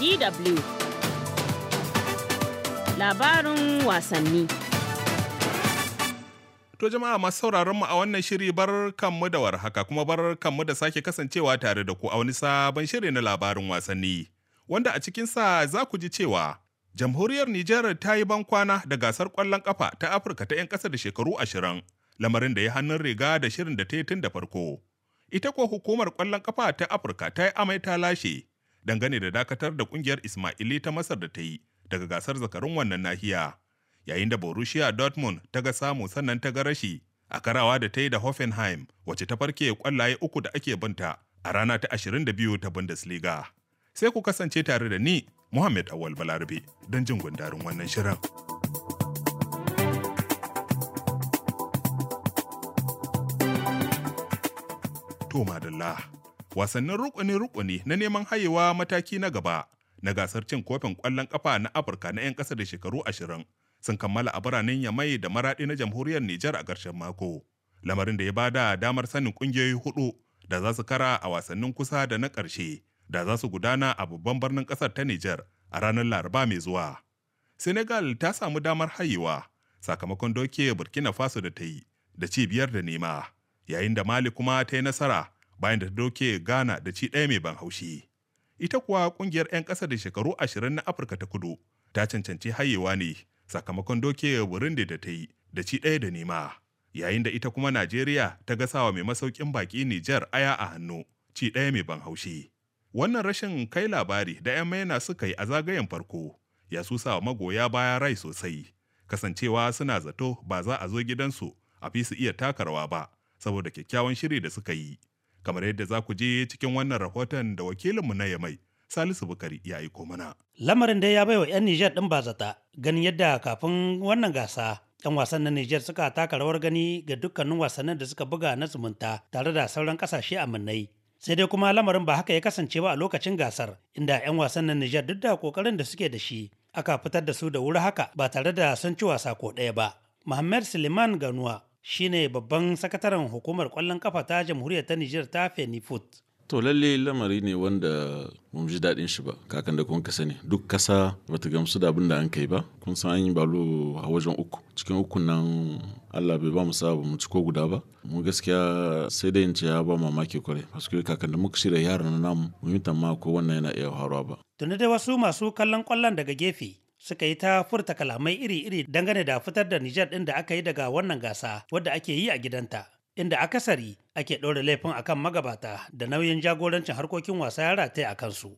DW Labarin wasanni To jama'a masu sauraron mu a wannan shiri bar kanmu da warhaka kuma bar kanmu da sake kasancewa tare da ku a wani sabon shiri na labarin wasanni wanda a cikinsa za ku ji cewa jamhuriyar Nijar ta yi bankwana da gasar ƙwallon ƙafa ta Afirka ta 'yan ƙasa da shekaru ashirin lamarin da ya hannun riga da shirin da ta yi tun da farko. Ita ko hukumar ƙwallon ƙafa ta Afirka ta yi amai ta lashe dangane da dakatar da kungiyar Ismaili ta Masar da ta yi daga gasar zakarun wannan nahiya. Yayin da Borussia Dortmund ta ga samu sannan ta ga rashi a karawa da ta yi da Hoffenheim wace ta farke kwallaye uku da ake binta a rana ta 22 ta Bundesliga. Sai ku kasance tare da ni Muhammad Awal Balarabe don jin gundarin wannan shirin. To madalla. wasannin rukuni-rukuni na neman hayewa mataki na gaba na gasar cin kofin kwallon kafa na Afirka na 'yan kasa da shekaru ashirin sun kammala a biranen Yamai da maradi na Jamhuriyar Nijar a karshen mako. Lamarin da ya bada damar sanin kungiyoyi hudu da za su kara a wasannin kusa da na ƙarshe da za su gudana a babban birnin ƙasar ta Nijar a ranar Laraba mai zuwa. Senegal ta samu damar hayewa sakamakon doke Burkina Faso da ta yi da cibiyar da nema, yayin da Mali kuma ta yi nasara bayan da ta doke Ghana da ci ɗaya mai ban haushi. Ita kuwa ƙungiyar 'yan ƙasa da shekaru ashirin na Afirka ta kudu ta cancanci hayewa ne sakamakon doke wurin da ta yi da ci ɗaya da nema. Yayin da ita kuma Najeriya ta ga sawa mai masaukin baƙi Nijar aya a hannu ci ɗaya mai ban haushi. Wannan rashin kai labari da 'yan maina suka yi a zagayen farko ya susa wa magoya baya rai sosai kasancewa suna zato ba za a zo gidansu a fi su iya takarwa ba saboda kyakkyawan shiri da suka yi. kamar yadda za ku je cikin wannan rahoton da wakilinmu na Yamai Salisu Bukari ya aiko mana. Lamarin dai ya baiwa 'yan Nijar ɗin bazata ganin yadda kafin wannan gasa 'yan wasan na Nijar suka taka rawar gani ga dukkanin wasannin da suka buga na zumunta tare da sauran kasashe a minnai. Sai dai kuma lamarin ba haka ya kasance ba a lokacin gasar inda 'yan wasan na Nijar duk da kokarin da suke da shi aka fitar da su da wuri haka ba tare da sun ci wasa ko ɗaya ba. Muhammad Suleiman Ganuwa shine babban sakataren hukumar kwallon kafa ta jamhuriyar ta Nijar ta Fenifut. To lalle lamari ne wanda mun ji daɗin shi ba kakan da kun kasa ne duk kasa bata gamsu da abin da an kai ba kun san an yi balo a wajen uku cikin uku nan Allah bai ba mu sa mu ci ko guda ba mu gaskiya sai dai in ce ya ba mamaki kwarai parce kakan da muka shirya yaran namu mun yi tamma ko wannan yana iya faruwa ba. Tunda dai wasu masu kallon kwallon daga gefe suka yi ta furta kalamai iri-iri dangane da fitar da Nijar ɗin da aka yi daga wannan gasa wadda ake yi a gidanta. Inda akasari ake ɗora laifin akan magabata da nauyin jagorancin harkokin wasa ya rataya a kansu.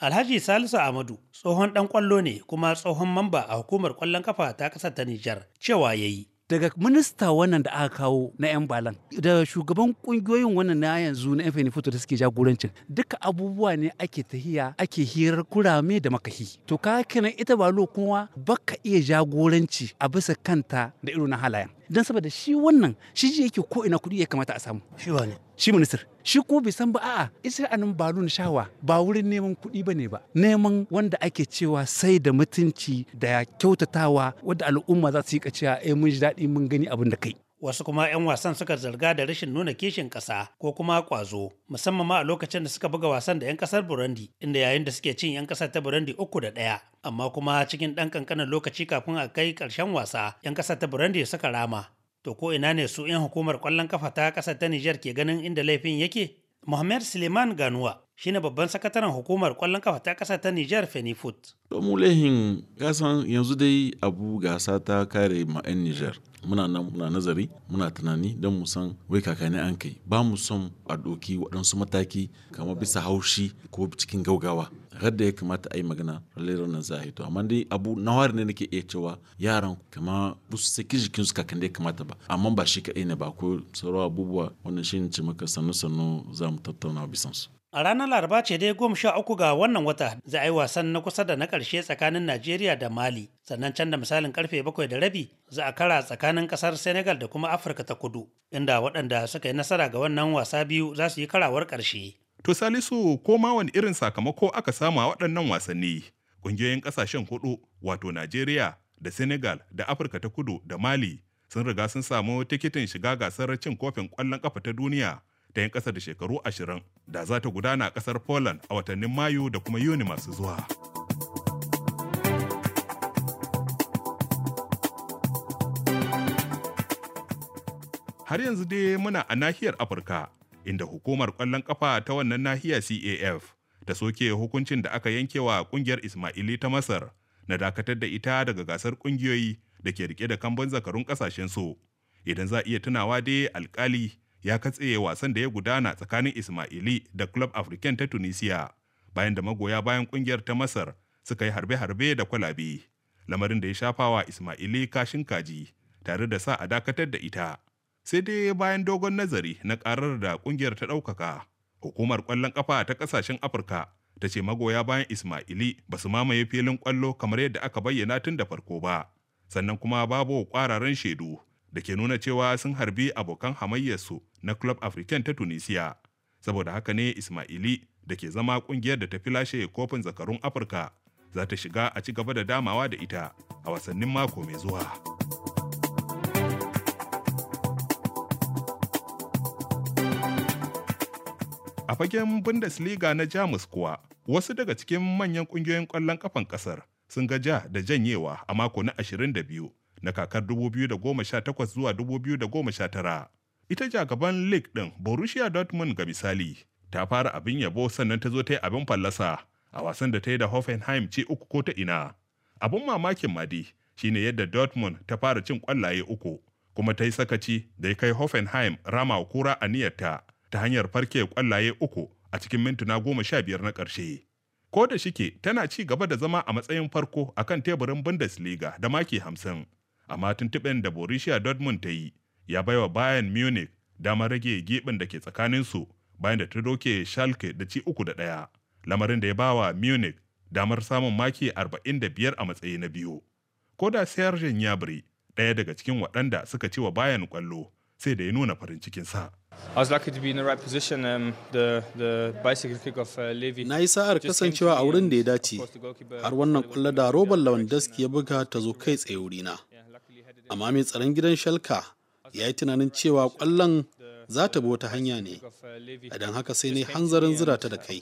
Alhaji Salisu Ahmadu tsohon ɗan ƙwallo ne kuma tsohon mamba a hukumar ƙwallon kafa ta ƙasar ta Nijar cewa ya yi. daga minista wannan da aka kawo na 'yan balan da shugaban kungiyoyin wannan na yanzu na 'yan fenifoto da suke jagorancin duka abubuwa ne ake tahiya ake hirar kurame da makahi to ka kenan ita balo kuma baka iya jagoranci a bisa kanta da irin halayen don saboda shi wannan shi yake ko ina kuɗi ya kamata a samu shi wane shi ministar shi kuma bai san ba a'a ba balun shawa ba wurin neman kuɗi ba ba neman wanda ake cewa sai da mutunci da kyautatawa wadda al'umma za su yi kaciya eh mun ji daɗi mun gani abin da kai wasu kuma 'yan wasan suka zarga da rashin nuna kishin ƙasa ko kuma ƙwazo musamman ma a lokacin da suka buga wasan da 'yan ƙasar burundi inda yayin da suke cin 'yan ƙasar ta burundi uku da ɗaya amma kuma cikin ɗan ƙanƙanin lokaci kafin a kai ƙarshen wasa 'yan ƙasar ta burundi suka rama To ko ina ne su 'yan hukumar ƙwallon kafa ta ƙasar ta Nijar ke ganin inda laifin yake? Mohamed Suleiman Ganuwa shine babban sakataren hukumar kwallon kafa ta ƙasa ta Nijar Fenifut. Mu lehin kasan yanzu dai abu gasa ta kare ma 'yan Nijar. Muna muna nazari, muna tunani don mu san wai kakani an kai. Ba mu son a ɗoki waɗansu mataki kamar bisa haushi ko cikin gaugawa. har da ya kamata a yi magana ralerar nan za a hito amma dai abu na wari ne nake iya cewa yaran kama ba su saki jikin su kakan da ya kamata ba amma ba shi kaɗai ne ba ko sauran abubuwa wannan shi ne ce maka sannu sannu za mu tattauna bisan su. A ranar Laraba ce dai goma sha uku ga wannan wata za a yi wasan na kusa da na ƙarshe tsakanin Najeriya da Mali, sannan can da misalin karfe bakwai da rabi za a kara tsakanin ƙasar Senegal da kuma Afirka ta kudu, inda waɗanda suka yi nasara ga wannan wasa biyu za su yi karawar ƙarshe. To Salisu ko ma wani irin sakamako aka samu a waɗannan wasanni? Ƙungiyoyin ƙasashen huɗu wato Najeriya da Senegal da Afirka ta kudu da Mali sun riga sun samu tikitin shiga gasar cin kofin ƙwallon ƙafa ta duniya ta yin ƙasa da shekaru ashirin da za ta gudana a kasar Poland a watannin Mayu da kuma Yuni masu zuwa. Har yanzu dai muna a nahiyar Afirka, inda hukumar kwallon kafa ta wannan nahiyar CAF ta soke hukuncin da aka yankewa kungiyar Ismaili ta Masar na dakatar da ita daga gasar kungiyoyi da ke rike da kamban zakarun kasashen su Idan za a iya tunawa dai alkali ya katse wasan da ya gudana tsakanin Ismaili da Club African ta Tunisia bayan da magoya bayan kungiyar ta Masar suka yi harbe-harbe da kwalabe lamarin da ya shafa wa Ismaili kashin kaji tare da sa a dakatar da ita sai dai bayan dogon nazari na karar da kungiyar ta ɗaukaka hukumar kwallon kafa ta kasashen Afirka ta ce magoya bayan Ismaili ba su mamaye filin kwallo kamar yadda aka bayyana tun da farko ba sannan kuma babu kwararan shaidu da ke nuna cewa sun harbi abokan hamayyarsu na club african ta tunisia saboda haka ne ismaili da ke zama kungiyar da ta fi lashe kofin zakarun afirka za ta shiga a ci gaba da damawa da ita a wasannin mako mai zuwa a fagen bundesliga na jamus kuwa wasu daga cikin manyan ƙungiyoyin ƙwallon ƙafan ƙasar sun ga ja da janyewa a mako na 22 na kakar 2018 zuwa 2019. Ita jagaban League ɗin Borussia Dortmund ga misali ta fara abin yabo sannan ta zo ta yi abin fallasa a wasan da ta yi da Hoffenheim ce uku ko ta ina. Abin mamakin madi shine yadda Dortmund ta fara cin kwallaye uku kuma ta yi sakaci da ya kai Hoffenheim rama kura a niyyarta ta hanyar farke kwallaye uku a cikin mintuna goma sha biyar na ƙarshe. Ko da shike tana ci gaba da zama a matsayin farko akan teburin Bundesliga da maki hamsin. amma tuntuɓen da Borussia Dortmund ta yi ya baiwa Bayern Munich damar rage gibin da ke tsakaninsu bayan da ta doke Schalke da ci uku da ɗaya, lamarin da ya bawa Munich damar samun maki 45 a matsayi na biyu. Ko da Serge Gnabry ɗaya daga cikin waɗanda suka ci wa Bayern kwallo sai da ya nuna farin cikin sa. Um, uh, na yi sa'ar kasancewa a wurin da ya dace, har wannan kwallo da lawan Lewandowski ya buga ta zo kai tsaye wurina. amma mai tsaron gidan shalka ya yi tunanin cewa kwallon za ta bi wata hanya ne idan haka sai ne hanzarin zira ta da kai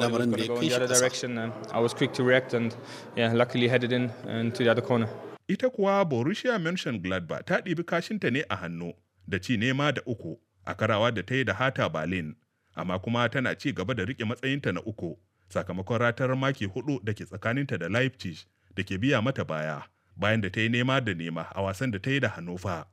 lamarin da ya kai shi ƙasa uh, ita kuwa borussia gladba ta ɗibi kashinta ne a hannu da ci nema da uku a karawa da ta yi da hata berlin amma kuma tana ci gaba da riƙe matsayinta na uku sakamakon ratar maki hudu da ke tsakaninta da leipzig da ke biya mata baya bayan da ta yi nema da nema a wasan da ta yi da Hannover.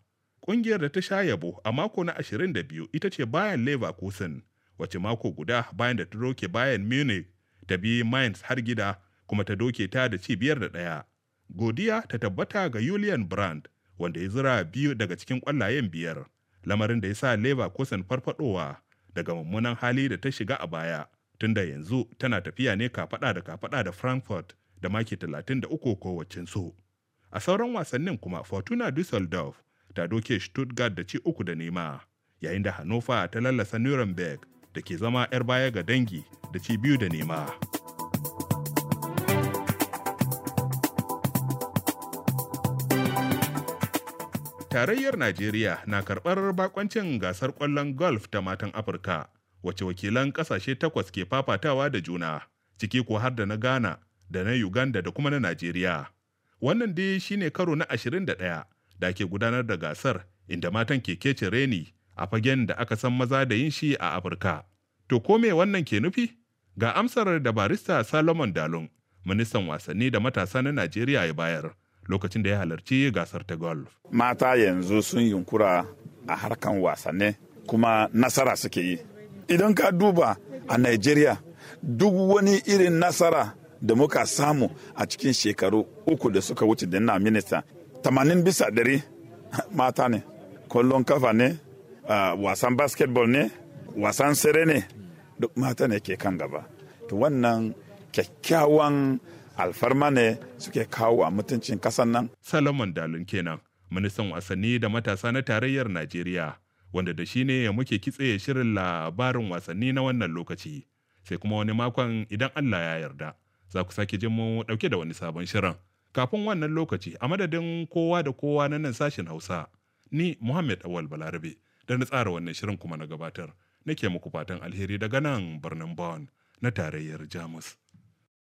Ƙungiyar da ta sha yabo a mako na 22 ita ce bayan Leverkusen, wace mako guda bayan da ta doke bayan Munich ta bi Mainz har gida kuma ta doke ta da ci biyar da ɗaya. Godiya ta tabbata ga Julian Brand wanda ya zira biyu daga cikin ƙwallayen biyar, lamarin da ya sa Leverkusen farfadowa daga mummunan hali da ta shiga a baya, tunda yanzu tana tafiya ne kafaɗa da kafaɗa da Frankfurt da maki 33 kowacensu. A sauran wasannin kuma Fortuna Dusseldorf ta doke Stuttgart da ci uku da nema, yayin da Hannover ta lallasa Nuremberg da ke zama 'yar baya ga dangi da ci biyu da nema. Tarayyar Najeriya na karɓar bakoncin gasar ƙwallon golf ta matan Afirka, wacce wakilan ƙasashe takwas ke fafatawa da juna, ciki ko har da na Ghana, da na Uganda da kuma na Najeriya. Wannan dai shine karo na 21 da ke gudanar da gasar inda matan ke kece reni a fagen da aka san maza da yin shi a Afirka. To ko me wannan ke nufi? Ga amsar da barista Salomon Dalon, ministan wasanni da matasa na Najeriya ya bayar lokacin da ya halarci gasar ta golf. Mata yanzu sun yunkura a harkan wasanni kuma nasara suke yi. Idan ka duba a Najeriya duk wani irin nasara da muka samu a cikin shekaru uku da suka wuce da na minista tamanin bisa dari mata ne kwallon kafa ne wasan basketball ne wasan sere ne duk mata ne ke kan gaba to wannan kyakkyawan alfarma ne suke kawo a mutuncin kasan nan salomon dalun kenan ministan wasanni da matasa na tarayyar najeriya wanda da shi ne ya muke kitse shirin labarin wasanni na wannan lokaci sai kuma wani makon idan allah ya yarda za ku sake jin mu ɗauke da wani sabon shirin. Kafin wannan lokaci a madadin kowa da kowa na nan sashen Hausa, ni Muhammad Awal Balarabe da na tsara wannan shirin kuma na gabatar. Nake muku fatan alheri daga nan birnin Bonn na tarayyar Jamus.